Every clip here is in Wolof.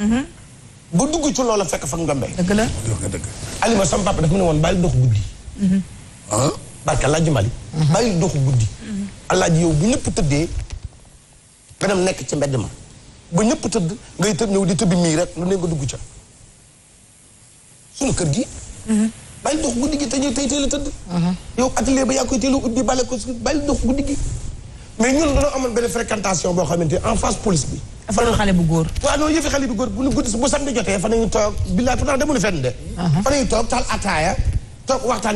Mhm. ba dugg ci la fekk fa ngombe. dëgg la dëgg dëgg. Alima sama papa dafa mu ne woon bàyyi dox guddi. Mhm. ah barke El Hadj Malick. Mhm. bàyyi guddi. El Hadj yow bu ñëpp tëddee. nga dem nekk ci mbedd ma. ba ñëpp tëdd ngay tëdd ñëw di tëbbi mii rek lu ne nga dugg ca. suñu kër gi. bàyyi dox guddi gi te ñuy tey teel a tëdd. yow atelier ba yaa koy teel a ubbi bale ko bàyyi dox guddi gi. mais ñun dañoo amoon benn fréquentation boo xamante en face police bi. fanul xale bu góor waaw non yëfi xale bu góor bu guddi bu samedi jotee fa nañu toog billaay pourtant demul fenn de uh-huh. fa nañu toog taal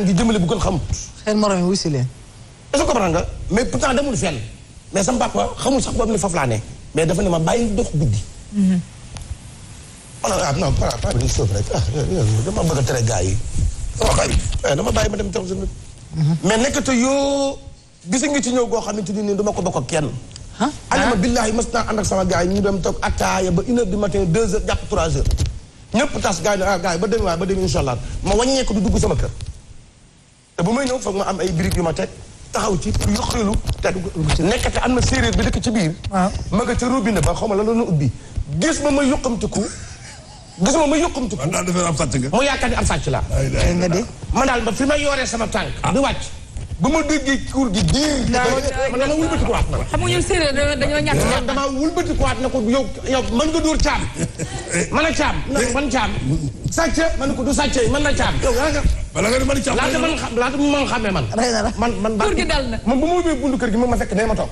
bu gën xamut seen morom yi wusi leen est-ce que comprendre mais pourtant demul fenn sax boobu ni foofu laa ne mais dafa ne ma bàyyi dox guddi mm-hmm. ah non pas pas bi suuf rek ah euh, euh, dama bëgg a tere gars yi dama bàyyi eh, ma dem tax mm-hmm. mais nekkate yoo gis nga ci ñëw goo xamante ni dama ko bokk ak kenn alima billahi mas naa ànd ak sama gars yi ñu dem toog attaaya ba une heure du matin deux heures jàpp trois heures ñëpp tas gars ah, ba dem waaye ba dem incha allah ma wàññeeku di dugg sama kër te bu may ñëw foog ma am ay briques yu ma teg taxaw ci yoxeelu te nekkate am na séeréer bi dëkk ci biir ma nga ca robinet ba xaw ma la loolu ubbi gis ma ma yuqamtiku gis ma ma yuqamtiku mu yaakaar ni am sàcc la nga de man daal ba fi ma yooree sama tànk di wàcc bu ma déggee kuur gi diir. man dama wulbati xam nga ñun séeréer dañoo ñàkk ñàkk. dama wulbati ko waat na ko yow yow mën nga dóor man a caam man caam. sàcce man ko du sàcce man la caam. yow yaa nga bala nga a caam xam laata man xamee man. man man kuur gi man bu ma ubbee buntu kër gi moom ma fekk nee ma toog.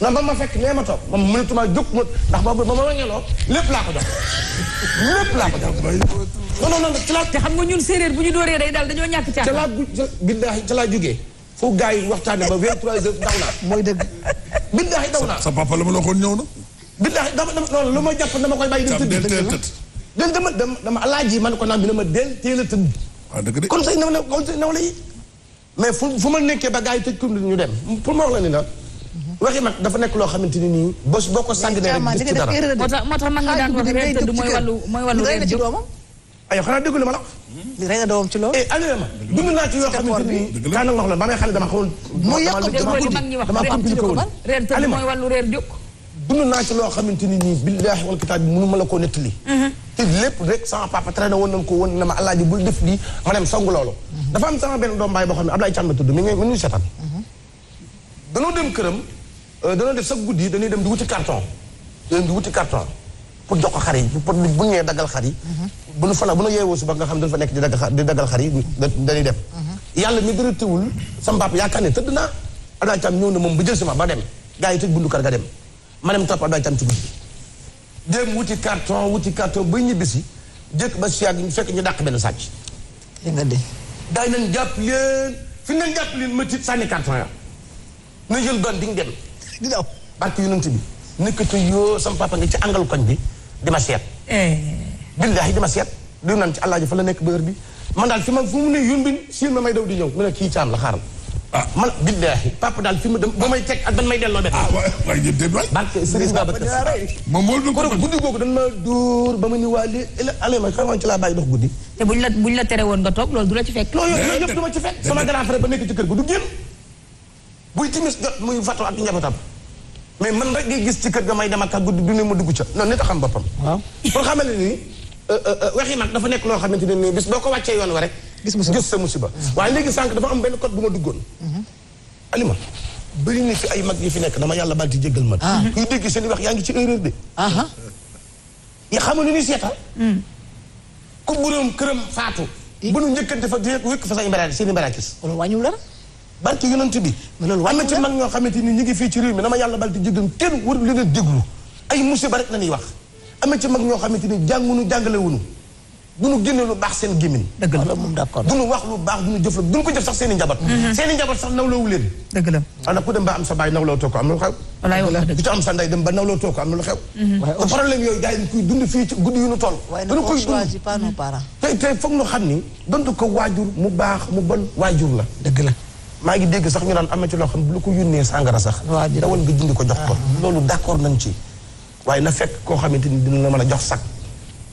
ba ma fekk nee ma toog man mënatuma jóg ma ndax boobu ba ma wàññeeloo lépp laa ko jox lépp laa ko jox. non non non ci la. te xam nga ñun séeréer bu ñu dóoree day dal dañoo ñàkk caam. ca laa billaahi ca laa jugee foo gars yi waxtaanee ba 23 heures daw naa mooy dëgg. billaahi daw naa sa papa la ma la waxoon ñëw na. billaahi dama dama loolu lu ma jàpp dama koy bàyyi. dem tëdd dama dama dama dama alaaji man ko naan bi ma del teel tëdd. waaw ah, dëgg de kon say naw la kon say naw la yi. mais fu fu ma nekkee ba gars yi tëj ko ñu dem pour ma wax la ni la. waxi mag dafa nekk loo xamante ni nii. bés boo ko sànq ne rek gis ci dara moo tax moo tax mag ñi daan wax mooy wàllu mooy wàllu réer aywa xanaa déglu ma la. li rek a doom ci loolu. eh alléna ma dund naa ci yoo xamante ni kaan nag ma wax la ba may xale tëdd mooy wàllu réer jóg. dund naa ci loo xamante ni nii billaahi wal kitaab bi la koo nettali. Mhm. te lépp rek sama papa traité woon nañu ko woon na ma alaaji bul def lii ma dem sangu loolu. Mhm. dafa am sama benn doom baay boo xam ne Ablaye Thiam la tudd mi ngi mi ngi seetaan. Mhm. danoo dem këram euh, danoo def sa guddi dañuy dem di wuti carton. dañuy dem di wuti carton pour jox ko xar yi pour bu ñu nee daggal xar yi. bu nu fa la bu nu yeewoo suba nga xam dañu fa nekk di daggal di daggal xar yi dañuy dem. ba ba ba si yàgg ñu fekk ñu dàq benn sàcc. li nga de. gars yi nañ jàpp leen fi nañ jàpp leen ma ci sànni carton ya na di nga dem. di daw barke yonent bi nekk te yoo sama papa nga ci àngal koñ bi di ma seet. Eh. billahi di ma seet di naan ci àllaaji fa la nekk ba bi man daal fi ma fu mu ne yun bi siin ma may daw di ñëw mu ne kii caam la xaaral. ah man billahi papa daal fi mu dem ba may teg ak ban may delloo benn. ah waay waay waay. barke Serigne Babacar moom moo dul ko kon guddi googu dañ ma ba ma ni waa lii allé ma xamoon ci laa bàyyi dox guddi. te buñ la buñ la tere woon nga toog loolu du la ci fekk. loolu yëpp du ma ci fekk. sama grand frère ba nekk ci kër gi du génn. buy timis muy fatoo ak njabootam mais man rek ngay gis ci kër ga may dama ak guddi du ne ma dugg ca noonu nit a xam boppam. waaw pour xamal ne nii euh, euh, euh, waxi mag dafa nekk loo xamante ne nii boo ko wàccee yoon wa rek. gis musiba gis sa musiba. Mm-hmm. waaye léegi sànq dafa am benn code bu ma duggoon. Mm-hmm. alima bëri na fi ay mag yi fi nekk dama yàlla baal ci jéggal ma. Ah. kuy dégg seen i wax yaa ngi ci erreur de. ya xamul ni seetal. Mm. ku boroom këram faatu. bu nu njëkkante fa di wékk fa say mbaraakis seen i mbaraakis. wala wàññiwul barki yonent bi am na ci mag ñoo xamante ni ñu ngi fii ci réew mi na ma yàlla bal te jéggal kenn war leen a déglu la ñuy wax am na mag ñoo xamante ni jàngunu nu génne lu baax seen gémmiñ dëgg la lu baax du nu jëf la du nu ko jëf sax seen i njaboot mhm. seen i njaboot sax nawloowu leen dëgg la ana ku dem ba am sa baay nawloo too ko am na lu xew ku ci dem ba na lu xew te mhm. problème yooyu gars yi koy dund fii ci guddi yu nu toll dañu koy dund tey tey foog nu xam ni donte ko waajur mu baax mu bon waajur la dëgg la maa ngi dégg sax ñu naan am na ci loo xam ne bu la ko yónnee sàngara sax dawal nga dindi ko jox ko ah. loolu d'accord nañ ci waaye na fekk koo xamante ni dina la man a jox sax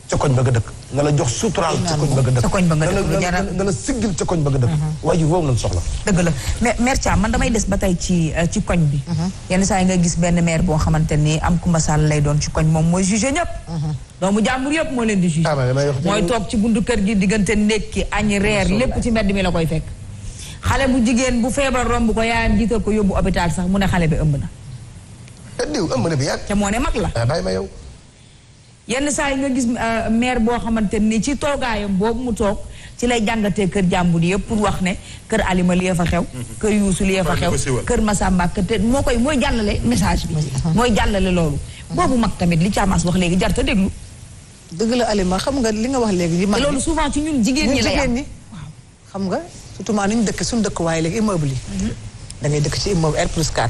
ca koñ ba nga dëkk na la jox suturaal ca koñ ba nga dëkk na la siggil ca koñ ba nga dëkk mhm. waaye ji boobu lañ soxla dëgg la mais man damay des ba tey ci euh, ci koñ bi mhm. yenn saa yi nga gis benn maire boo xamante ni am Kumba Sall lay doon ci koñ moom mooy jugé ñëpp mhm. doomu jàmbur yëpp moo leen di jugé ah, mooy toog ci buntu kër gi diggante ndékki añ reer lépp ci mbedd mi koy fekk xale bu jigéen bu feebar romb ko yaayam jiital ko yóbbu hôpital sax mu ne xale bi ëmb na. Eh, na bi te moo ne mag la. Eh, bàyyi ma yow. yenn saa yi nga gis eh, maire boo xamante ni ci toogaayam boobu mu toog ci lay jàngatee kër jàmbur yëpp pour wax ne kër Alima li fa xew. kër Youssou li fa xew kër Massamba kër moo koy mooy jàllale message bi. mooy jàllale loolu. boobu mag tamit li Thiamas wax léegi jarta déglu. dëgg la Alima xam nga li nga wax léegi. li loolu souvent ci ñun jigéen ñi la yàq xam nga surtout maa ni ñu dëkk suñu dëkk waaye léegi immeuble yi. Mhm. dëkk ci immeuble R plus 4.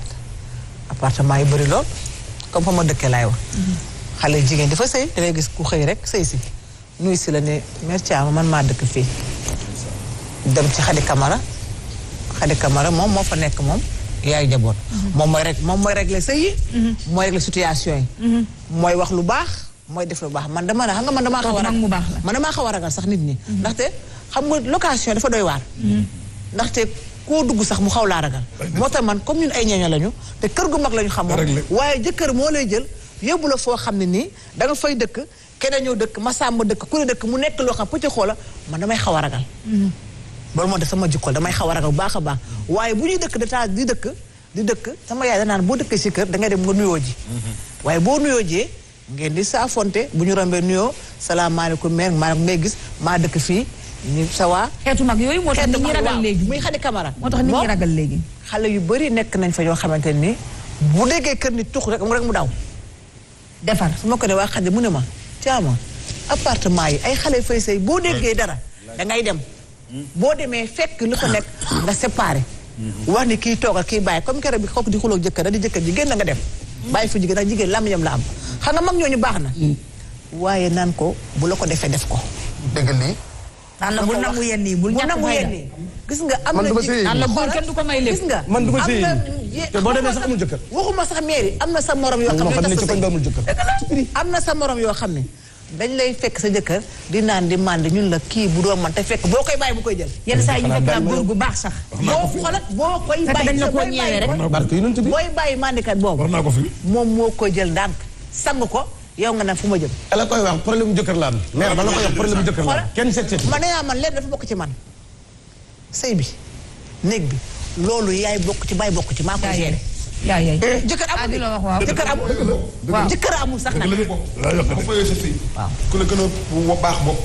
appartement yi bari lool comme fa ma dëkkee laay wax. Mhm. xale jigéen dafa sëy da gis ku xëy rek sëy si. nuy si la ne mère man maa dëkk fii. dem ci xadi kamara xadi kamara moom moo fa nekk moom yaay jaboot. Mhm. moom mooy rek moom mooy régler sëy yi. mooy régler situation yi. mooy wax lu baax mooy def lu baax man dama ne xam nga man damaa. xaw a ragal man damaa xaw a ragal sax nit ñi ndaxte. xam nga location dafa doy waan ndaxte koo dugg sax mu xaw laa ragal. moo tax man comme ñun ay ñeeño lañu te kër gu mag lañu xam moom waaye jëkkër moo lay jël yóbbu la foo xam ne nii da nga fay dëkk keneen ñëw dëkk ma Massamba dëkk ku ne dëkk mu nekk loo xam pëcc xoola man damay xaw a ragal. loolu moo def sama jikko damay xaw a ragal bu baax a baax waaye bu ñuy dëkk dataa di dëkk di dëkk sama yaay danaan boo dëkkee si kër da ngay dem nga nuyoo ji. waaye boo nuyoo jee ngeen di saafonte bu ñu rombee nuyoo salaamaaleykum mère maa may gis maa dëkk fii ni sa waa. xeetu mag yooyu moo tax nit ñi ragal léegi muy xadi kamara. moo tax nit ñi ragal léegi. xale yu bëri nekk nañ fa ñoo xamante ni bu déggee kër ni tux rek mu daw. defar su ma ko ne waa xadi mu ne ma caama appartement yi ay xale fay say boo déggee dara da ngay dem. boo demee fekk lu ko nekk nga séparé. wax ni kii toogal kii bàyyi comme kere bi kooku di xuloo jëkkër da di jëkkër jigéen na nga dem. bàyyi fa jigéen ndax jigéen làmmiñam la am xam nga mag ñu baax na. Mm. waaye naan ko bu la ko defee def ko. naan la bul nangu yenn yi bul nangu yenn yi gis nga am na ji naan la góor kenn du ko may léegi gis nga man du ma boo demee sax amul jëkkër waxuma sax mairie am na sa morom yoo xam ne ci koñ amul jëkkër am na sa morom yoo xam ne dañ lay fekk sa jëkkër di naan di màndi ñun la kii bu doon man te fekk boo koy bàyyi bu koy jël yenn saa yi ñu fekk la góor gu baax sax boo xolat boo koy bàyyi la ko ñëwee rek booy bàyyi mandikat boobu moom moo koy jël ndànk sang ko yow nga naan fu ma jëm. ala koy wax problème jëkkër la am. mère ba jëkkër la am kenn seet ah, man yaa man lépp dafa ci man. sëy bi néeg bi loolu yaay bokk ci baay bokk ci maa koy gérer. yaa yaay eh, jëkkër amul ah, waaw jëkkër amul. waaw jëkkër amul sax nag. bu fayee ku la gën a baax bopp.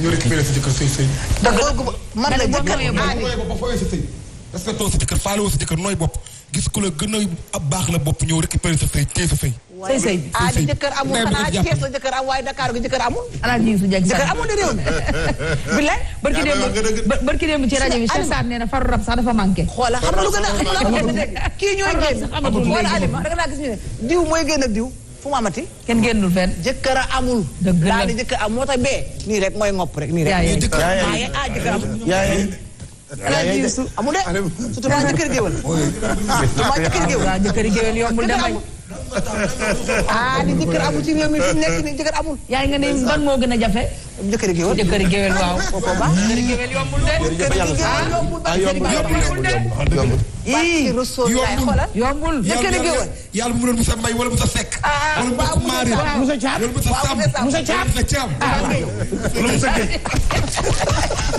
ñu récupéré sa jëkkër sëy sëy. dëgg la man la jëkkër aadi. bopp gis ku la gën a baax la bopp ñëw récupérer sa sëy téye sa sëy. sëy sëy ah di jëkkër amul xanaa jëkkër waaye Dakar gi jëkkër amul. alaaj ji su jag jëkkër amul de réew mi. bilaay ci rajo bi Cheikh Sarr nee na faru rab sax dafa manqué. a a kii diw mooy génn ak diw fu mu amati. kenn génnul fenn. jëkkër amul. dëgg la daal di jëkkër am moo tax bee. nii rek mooy ngopp rek nii rek. yaa yaa yaa alaay de amul de surtout maa jëkkër géwél. maa jëkkër géwél. waaw jëkkër géwél yombul damay. ah ni jëkkër amul ci réew mi fi nekk ni jëkkër amul. yaa ngi ne ban moo gën a jafe. jëkkër géwél jëkkër géwél waaw. kooku baax jëkkër géwél yombul de. jëkkër géwél yombul de. barki Rasuul laay xoolal yombul dëkk la géwël yàlla mu doon Moussa Mbaye wala Moussa Seck ah, wala Moussa Maari Moussa Thiam Moussa Sam Moussa Thiam Moussa Thiam ah, wala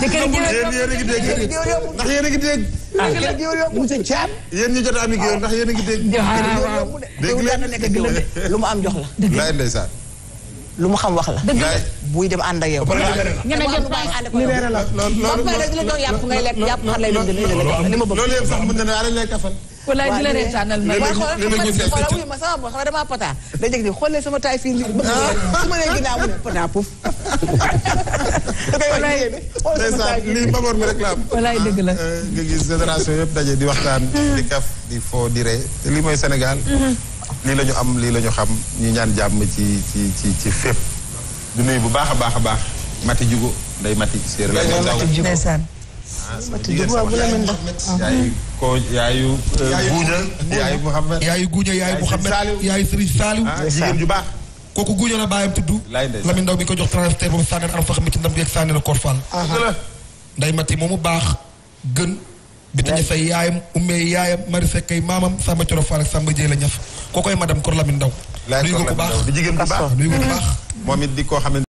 Moussa Gueye dëkk la géwël yéen yéen a ngi dégg ndax yéen a ngi dégg dëkk la géwël yombul Moussa Thiam yéen ñu jot a am géwël ndax ah, yéen a ngi dégg dégg leen lu mu am jox la laay ndeysaan lu mu xam wax la. dëgg la buy dem ànd ak yow. ñeme jëm bàyyi ànd ak yow. na la reetaanal ma. waaw xoolal xoolal ma sama bopp xam nga damaa pata. da njëkk ni xoolee ma nee ginnaaw pata puuf. walaay ndeysaan lii mbagoor mi rek la am. walaay dëgg la. Eh, nga yëpp daje di waxtaan. di kaf di foo di ree lii mooy Sénégal. Mm-hmm. lii la ñu am lii la xam ñu ñaan jàmm ci ci ci ci fépp. du nuyu bu baax a baax a baax Mati Jugo nday Mati séeréer la ngay taw ndeysaan ah, Mati Jugo waaw bu la mën yaayu ko yaayu euh, guuña yaayu Mouhamed yaayu guuña yaayu Mouhamed yaayu Serigne Saliou ah, jigéen ju baax kooku guuña a bàyyam tudd Lamine Ndaw mi ko jox transfert boobu sànneen alfaxam ci ndam bi ak sànneen a Korfal ah. nday Mati moomu baax gën Bitiñe say yaayam ummee yaayam mari sekkay maamam Samba Coro Fall ak Samba Jéy la ñaf ko koy madam Kor Lamine Ndaw nuyu ko ku baax nuyu ko ku baax moom it di ko xamante